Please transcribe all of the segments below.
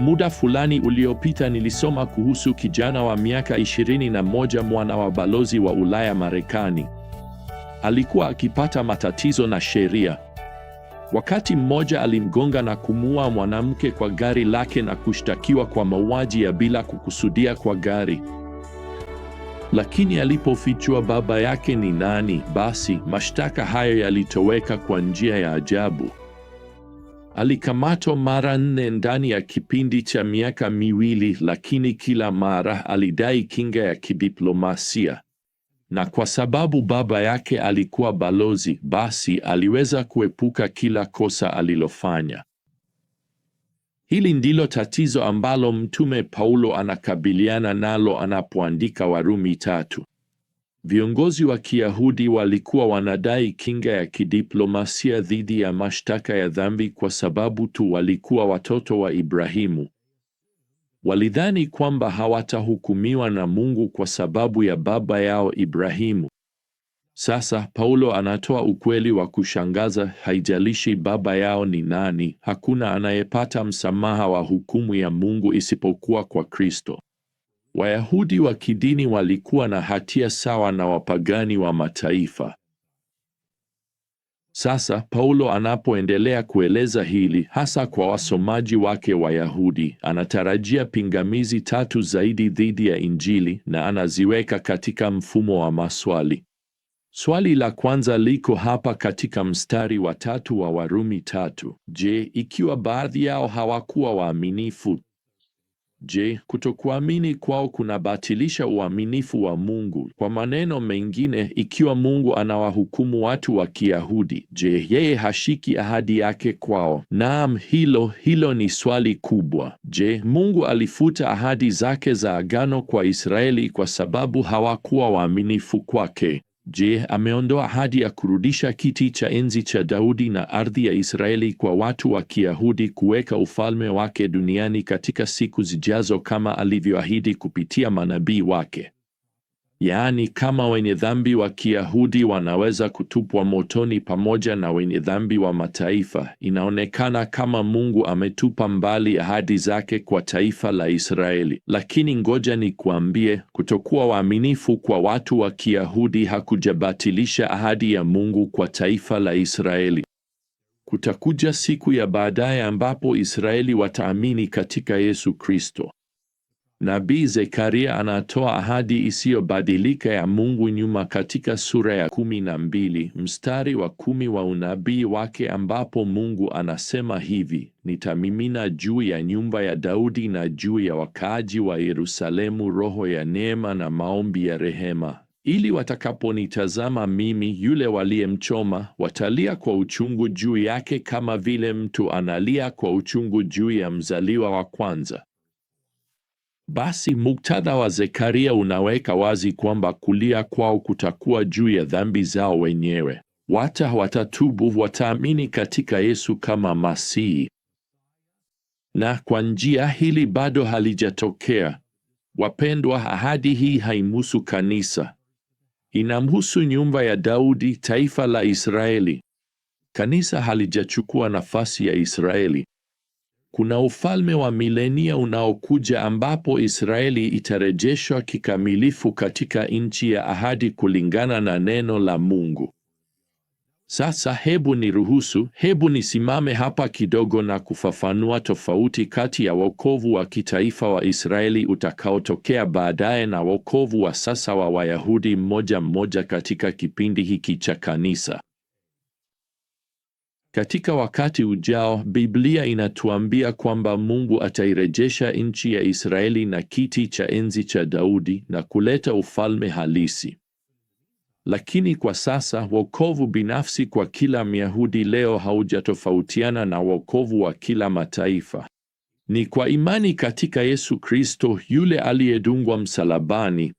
Muda fulani uliopita nilisoma kuhusu kijana wa miaka 21 mwana wa balozi wa Ulaya Marekani. Alikuwa akipata matatizo na sheria. Wakati mmoja alimgonga na kumuua mwanamke kwa gari lake na kushtakiwa kwa mauaji ya bila kukusudia kwa gari. Lakini alipofichua baba yake ni nani, basi mashtaka hayo yalitoweka kwa njia ya ajabu. Alikamatwa mara nne ndani ya kipindi cha miaka miwili, lakini kila mara alidai kinga ya kidiplomasia. Na kwa sababu baba yake alikuwa balozi, basi aliweza kuepuka kila kosa alilofanya. Hili ndilo tatizo ambalo Mtume Paulo anakabiliana nalo anapoandika Warumi tatu. Viongozi wa Kiyahudi walikuwa wanadai kinga ya kidiplomasia dhidi ya mashtaka ya dhambi kwa sababu tu walikuwa watoto wa Ibrahimu. Walidhani kwamba hawatahukumiwa na Mungu kwa sababu ya baba yao Ibrahimu. Sasa Paulo anatoa ukweli wa kushangaza: haijalishi baba yao ni nani, hakuna anayepata msamaha wa hukumu ya Mungu isipokuwa kwa Kristo. Wayahudi wa kidini walikuwa na hatia sawa na wapagani wa mataifa. Sasa Paulo anapoendelea kueleza hili hasa kwa wasomaji wake Wayahudi, anatarajia pingamizi tatu zaidi dhidi ya Injili na anaziweka katika mfumo wa maswali. Swali la kwanza liko hapa katika mstari wa tatu wa Warumi tatu. Je, ikiwa baadhi yao hawakuwa waaminifu, Je, kutokuamini kwao kunabatilisha uaminifu wa Mungu? Kwa maneno mengine, ikiwa Mungu anawahukumu watu wa Kiyahudi, je, yeye hashiki ahadi yake kwao? Naam, hilo hilo ni swali kubwa. Je, Mungu alifuta ahadi zake za agano kwa Israeli kwa sababu hawakuwa waaminifu kwake? Je, ameondoa ahadi ya kurudisha kiti cha enzi cha Daudi na ardhi ya Israeli kwa watu wa Kiyahudi kuweka ufalme wake duniani katika siku zijazo kama alivyoahidi kupitia manabii wake? yaani kama wenye dhambi wa Kiyahudi wanaweza kutupwa motoni pamoja na wenye dhambi wa mataifa, inaonekana kama Mungu ametupa mbali ahadi zake kwa taifa la Israeli. Lakini ngoja nikuambie, kutokuwa waaminifu kwa watu wa Kiyahudi hakujabatilisha ahadi ya Mungu kwa taifa la Israeli. Kutakuja siku ya baadaye ambapo Israeli wataamini katika Yesu Kristo. Nabii Zekaria anatoa ahadi isiyobadilika ya Mungu nyuma katika sura ya kumi na mbili mstari wa kumi wa unabii wake ambapo Mungu anasema hivi: nitamimina juu ya nyumba ya Daudi na juu ya wakaaji wa Yerusalemu roho ya neema na maombi ya rehema, ili watakaponitazama mimi, yule waliyemchoma, watalia kwa uchungu juu yake kama vile mtu analia kwa uchungu juu ya mzaliwa wa kwanza. Basi muktadha wa Zekaria unaweka wazi kwamba kulia kwao kutakuwa juu ya dhambi zao wenyewe. Wata watatubu, wataamini katika Yesu kama Masihi, na kwa njia hili bado halijatokea. Wapendwa, ahadi hii haimhusu kanisa, inamhusu nyumba ya Daudi, taifa la Israeli. Kanisa halijachukua nafasi ya Israeli kuna ufalme wa milenia unaokuja ambapo Israeli itarejeshwa kikamilifu katika nchi ya ahadi kulingana na neno la Mungu. Sasa hebu niruhusu, hebu nisimame hapa kidogo na kufafanua tofauti kati ya wokovu wa kitaifa wa Israeli utakaotokea baadaye na wokovu wa sasa wa Wayahudi mmoja mmoja katika kipindi hiki cha kanisa. Katika wakati ujao, Biblia inatuambia kwamba Mungu atairejesha nchi ya Israeli na kiti cha enzi cha Daudi na kuleta ufalme halisi. Lakini kwa sasa wokovu binafsi kwa kila Myahudi leo haujatofautiana na wokovu wa kila mataifa. Ni kwa imani katika Yesu Kristo yule aliyedungwa msalabani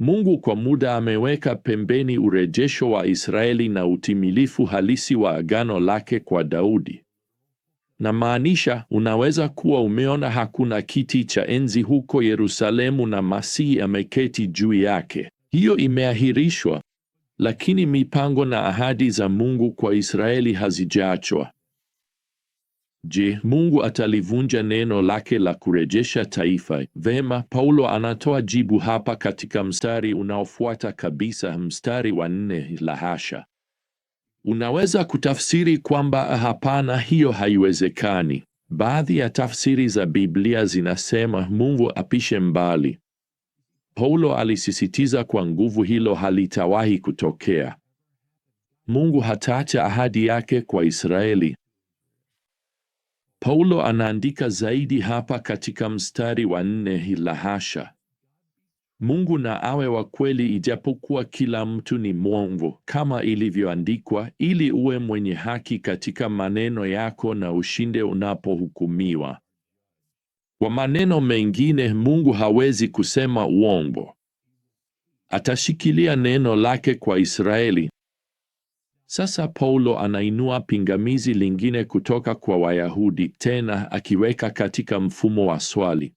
Mungu kwa muda ameweka pembeni urejesho wa Israeli na utimilifu halisi wa agano lake kwa Daudi. Na maanisha unaweza kuwa umeona hakuna kiti cha enzi huko Yerusalemu na Masihi ameketi juu yake. Hiyo imeahirishwa, lakini mipango na ahadi za Mungu kwa Israeli hazijaachwa. Je, Mungu atalivunja neno lake la kurejesha taifa? Vema, Paulo anatoa jibu hapa katika mstari unaofuata kabisa, mstari wa nne. La hasha! Unaweza kutafsiri kwamba hapana, hiyo haiwezekani. Baadhi ya tafsiri za Biblia zinasema Mungu apishe mbali. Paulo alisisitiza kwa nguvu hilo halitawahi kutokea. Mungu hataacha ahadi yake kwa Israeli. Paulo anaandika zaidi hapa katika mstari wa nne, hasha, Mungu na awe wa kweli, ijapokuwa kila mtu ni mwongo, kama ilivyoandikwa, ili uwe mwenye haki katika maneno yako na ushinde unapohukumiwa. Kwa maneno mengine, Mungu hawezi kusema uongo. Atashikilia neno lake kwa Israeli. Sasa Paulo anainua pingamizi lingine kutoka kwa Wayahudi, tena akiweka katika mfumo wa swali.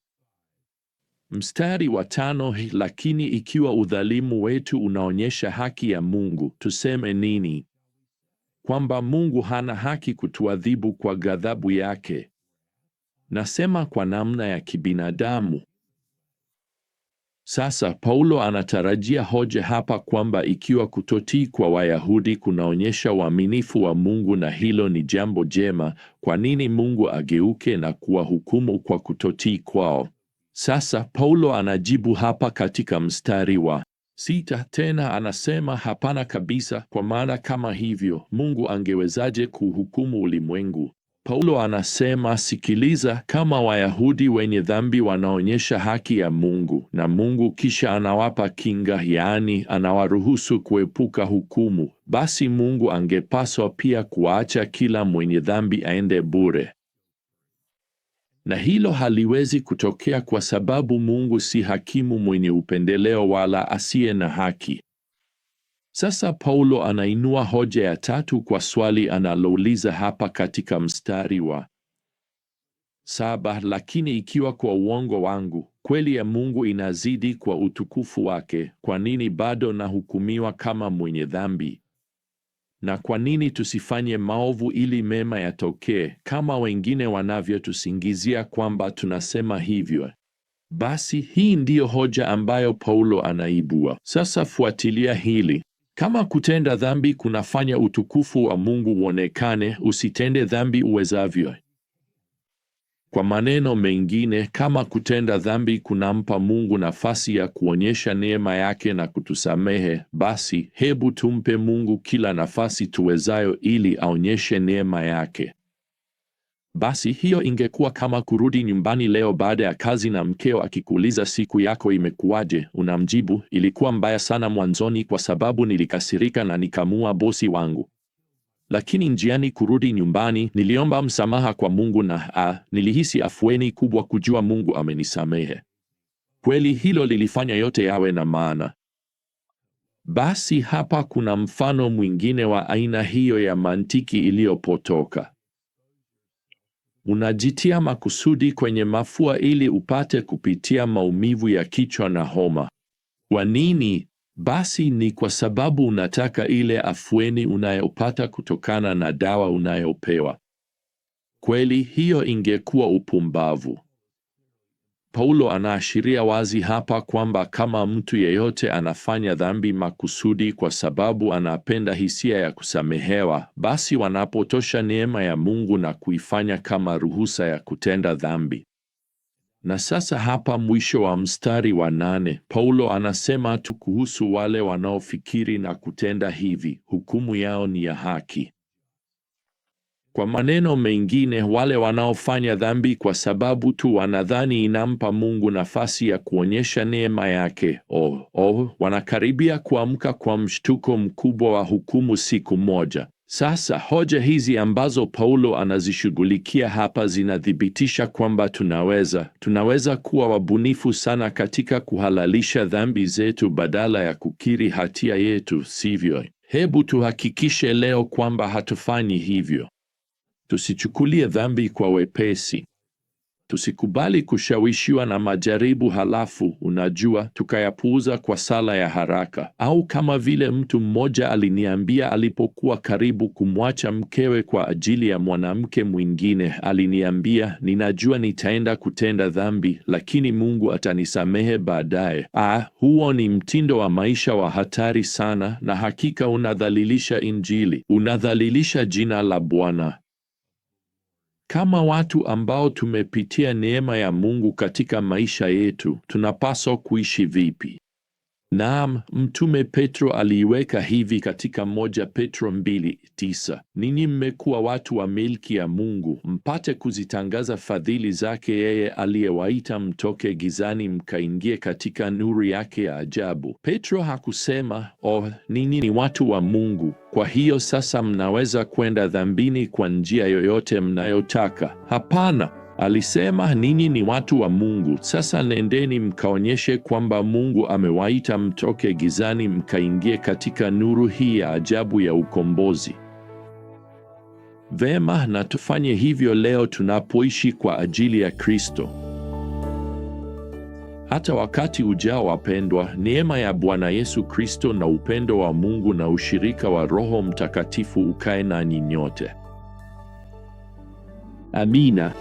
Mstari wa tano: lakini ikiwa udhalimu wetu unaonyesha haki ya Mungu, tuseme nini? Kwamba Mungu hana haki kutuadhibu kwa ghadhabu yake? Nasema kwa namna ya kibinadamu. Sasa Paulo anatarajia hoja hapa kwamba ikiwa kutotii kwa Wayahudi kunaonyesha uaminifu wa Mungu na hilo ni jambo jema, kwa nini Mungu ageuke na kuwahukumu kwa kutotii kwao? Sasa Paulo anajibu hapa katika mstari wa sita. Tena anasema hapana kabisa, kwa maana kama hivyo Mungu angewezaje kuhukumu ulimwengu? Paulo anasema sikiliza, kama Wayahudi wenye dhambi wanaonyesha haki ya Mungu na Mungu kisha anawapa kinga, yaani anawaruhusu kuepuka hukumu, basi Mungu angepaswa pia kuacha kila mwenye dhambi aende bure. Na hilo haliwezi kutokea kwa sababu Mungu si hakimu mwenye upendeleo wala asiye na haki. Sasa Paulo anainua hoja ya tatu kwa swali analouliza hapa katika mstari wa saba: lakini ikiwa kwa uongo wangu kweli ya Mungu inazidi kwa utukufu wake, kwa nini bado nahukumiwa kama mwenye dhambi? Na kwa nini tusifanye maovu ili mema yatokee, kama wengine wanavyotusingizia kwamba tunasema hivyo? Basi hii ndiyo hoja ambayo Paulo anaibua. Sasa fuatilia hili. Kama kutenda dhambi kunafanya utukufu wa Mungu uonekane, usitende dhambi uwezavyo. Kwa maneno mengine, kama kutenda dhambi kunampa Mungu nafasi ya kuonyesha neema yake na kutusamehe, basi hebu tumpe Mungu kila nafasi tuwezayo ili aonyeshe neema yake. Basi hiyo ingekuwa kama kurudi nyumbani leo baada ya kazi na mkeo akikuuliza siku yako imekuwaje, unamjibu ilikuwa mbaya sana mwanzoni, kwa sababu nilikasirika na nikamua bosi wangu, lakini njiani kurudi nyumbani niliomba msamaha kwa Mungu na a, nilihisi afueni kubwa kujua Mungu amenisamehe kweli. Hilo lilifanya yote yawe na maana. Basi hapa kuna mfano mwingine wa aina hiyo ya mantiki iliyopotoka. Unajitia makusudi kwenye mafua ili upate kupitia maumivu ya kichwa na homa. Kwa nini? Basi ni kwa sababu unataka ile afueni unayopata kutokana na dawa unayopewa. Kweli hiyo ingekuwa upumbavu. Paulo anaashiria wazi hapa kwamba kama mtu yeyote anafanya dhambi makusudi kwa sababu anapenda hisia ya kusamehewa, basi wanapotosha neema ya Mungu na kuifanya kama ruhusa ya kutenda dhambi. Na sasa hapa mwisho wa mstari wa nane, Paulo anasema tu kuhusu wale wanaofikiri na kutenda hivi, hukumu yao ni ya haki. Kwa maneno mengine, wale wanaofanya dhambi kwa sababu tu wanadhani inampa Mungu nafasi ya kuonyesha neema yake, oh, oh, wanakaribia kuamka kwa mshtuko mkubwa wa hukumu siku moja. Sasa hoja hizi ambazo Paulo anazishughulikia hapa zinathibitisha kwamba tunaweza tunaweza kuwa wabunifu sana katika kuhalalisha dhambi zetu badala ya kukiri hatia yetu, sivyo? Hebu tuhakikishe leo kwamba hatufanyi hivyo. Tusichukulie dhambi kwa wepesi. Tusikubali kushawishiwa na majaribu halafu, unajua, tukayapuuza kwa sala ya haraka, au kama vile mtu mmoja aliniambia alipokuwa karibu kumwacha mkewe kwa ajili ya mwanamke mwingine, aliniambia, ninajua nitaenda kutenda dhambi, lakini Mungu atanisamehe baadaye. Ah, huo ni mtindo wa maisha wa hatari sana, na hakika unadhalilisha Injili, unadhalilisha jina la Bwana. Kama watu ambao tumepitia neema ya Mungu katika maisha yetu, tunapaswa kuishi vipi? Naam, Mtume Petro aliiweka hivi katika moja Petro mbili tisa: ninyi mmekuwa watu wa milki ya Mungu mpate kuzitangaza fadhili zake yeye aliyewaita mtoke gizani mkaingie katika nuru yake ya ajabu. Petro hakusema oh, ninyi ni watu wa Mungu, kwa hiyo sasa mnaweza kwenda dhambini kwa njia yoyote mnayotaka. Hapana. Alisema, ninyi ni watu wa Mungu, sasa nendeni mkaonyeshe kwamba Mungu amewaita mtoke gizani mkaingie katika nuru hii ya ajabu ya ukombozi. Vema, na tufanye hivyo leo tunapoishi kwa ajili ya Kristo. Hata wakati ujao, wapendwa, neema ya Bwana Yesu Kristo na upendo wa Mungu na ushirika wa Roho Mtakatifu ukae nanyi nyote. Amina.